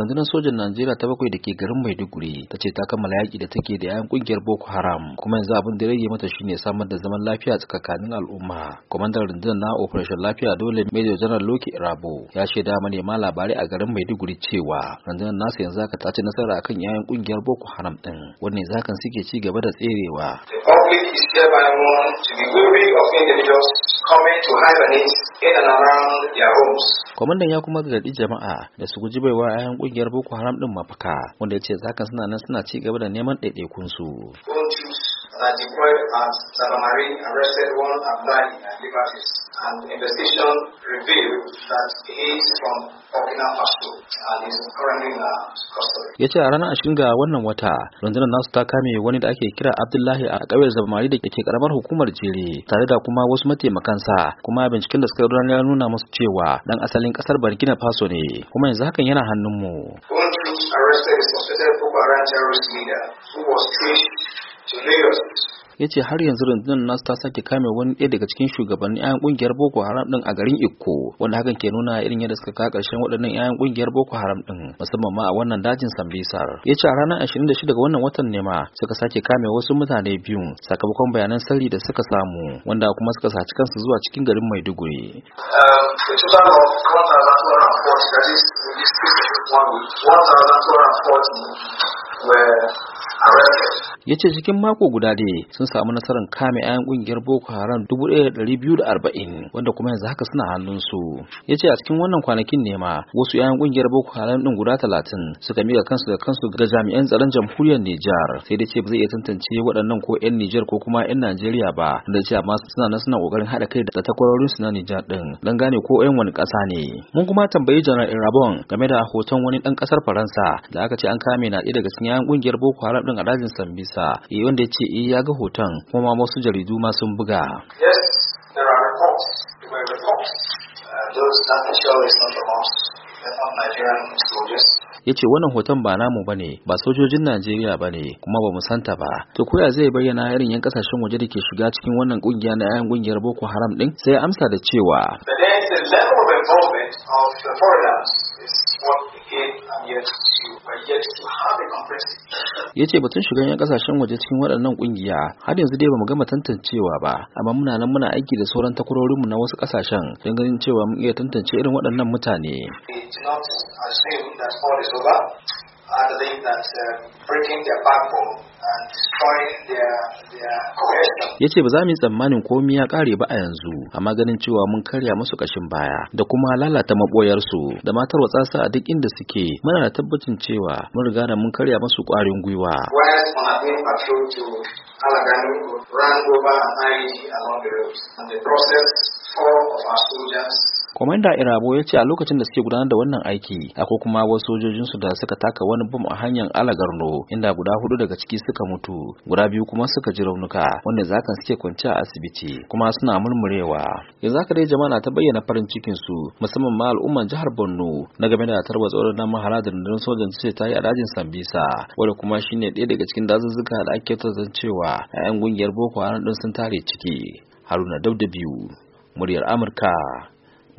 rundunar sojan najeriya ta bakwai da ke garin maiduguri ta ce ta kammala yaƙi da take da yayan ƙungiyar boko haram kuma yanzu abin da rage mata shine samar da zaman lafiya tsakanin al'umma kwamandan rundunar na operation lafiya dole major general loki rabo ya ce ne ma labarai a garin maiduguri cewa rundunar nasa yanzu haka ta ci nasara akan yayan ƙungiyar boko haram din wanne zakan suke ci gaba da tserewa The public is to be wary of individuals Kwamandan ya kuma gargaɗi jama'a da su guji baiwa 'ya'yan ƙungiyar Boko Haram ɗin mafaka wanda ya ce zakan suna nan suna ci gaba da neman ɗaiɗaikunsu. That deployed at a arrested one at and Liberties And investigation revealed that he is from Burkina Faso and is currently in custody. Ya ce a ranar ashirin ga wannan wata, rundunar nasu ta kame wani da ake kira Abdullahi a ƙauyen Zamari da ke karamar hukumar Jere, tare da kuma wasu mataimakansa, kuma binciken da suka gudanar ya nuna musu cewa dan asalin ƙasar Burkina Faso ne, kuma yanzu hakan yana hannunmu. One arrested a suspected Boko Haram terrorist leader who was traced to Lagos ya ce har yanzu rundunar nasu ta sake kame wani ɗaya daga cikin shugabannin 'ya'yan ƙungiyar boko haram ɗin a garin Ikko, wanda hakan ke nuna irin yadda suka kawo ƙarshen waɗannan 'ya'yan ƙungiyar boko haram ɗin musamman ma a wannan dajin sambisar ya ce a ranar 26 ga wannan watan ne ma suka sake kame wasu mutane biyu sakamakon bayanan sirri da suka samu wanda kuma suka saci kansu zuwa cikin garin maiduguri um, were ya ce cikin mako guda dai sun samu nasarar kame 'ya'yan kungiyar boko haram 1240 wanda kuma yanzu haka suna hannunsu ya ce a cikin wannan kwanakin ne ma wasu 'ya'yan kungiyar boko haram din guda 30 suka miƙa kansu da kansu ga jami'an tsaron jamhuriyar Nijar sai dai ce ba zai iya tantance waɗannan ko 'yan Nijar ko kuma 'yan Najeriya ba da ce amma suna nan suna kokarin haɗa kai da takwarorin su na Nijar din don gane ko 'yan wani ƙasa ne mun kuma tambayi Janar Irabon game da hoton wani ɗan ƙasar Faransa da aka ce an kame na ɗaya daga cikin 'ya'yan kungiyar boko haram gudun a dajin Sambisa eh, wanda ya ce eh, ya ga hoton kuma wasu jaridu ma sun buga. Uh, uh, ya ce wannan hoton ba namu ba ne, ba sojojin Najeriya ba ne, kuma ba mu santa ba to koya zai bayyana irin yan kasashen waje da ke shiga cikin wannan kungiya na yan kungiyar Boko Haram din sai ya amsa da cewa the level of involvement of the foreigners is ya ce batun shiga yan kasashen waje cikin waɗannan ƙungiya har yanzu dai bamu gama tantancewa ba amma muna nan muna aiki da sauran takwarorinmu na wasu kasashen don ganin cewa mun iya tantance irin waɗannan mutane underlying that uh, breaking their backbone and destroying their their cohesion. Yace ba za mu yi tsammanin komai ya kare ba a yanzu, amma ganin cewa mun karya musu kashin baya da kuma lalata maboyarsu da matar watsasa a duk inda suke. Muna da tabbacin cewa mun riga da mun karya musu ƙwarin gwiwa. Alagani ran over an e along the road and the process four of our soldiers Kwamanda Irabo ya ce a lokacin da suke gudanar da wannan aiki akwai kuma wasu sojojinsu da suka taka wani bom a hanyar Alagarno inda guda hudu daga ciki suka mutu guda biyu kuma suka ji raunuka wanda zakan suke kwance a asibiti kuma suna murmurewa. Yanzu haka dai jama'a na ta bayyana farin cikin su musamman ma al'umman jihar Borno na game da tsoron nan mahara da rundunar sojan ce ta yi a dajin Sambisa wanda kuma shine ɗaya daga cikin dazuzzuka da ake tattan cewa 'ya'yan gungiyar Boko Haram din sun tare ciki. Haruna Dauda biyu muryar Amurka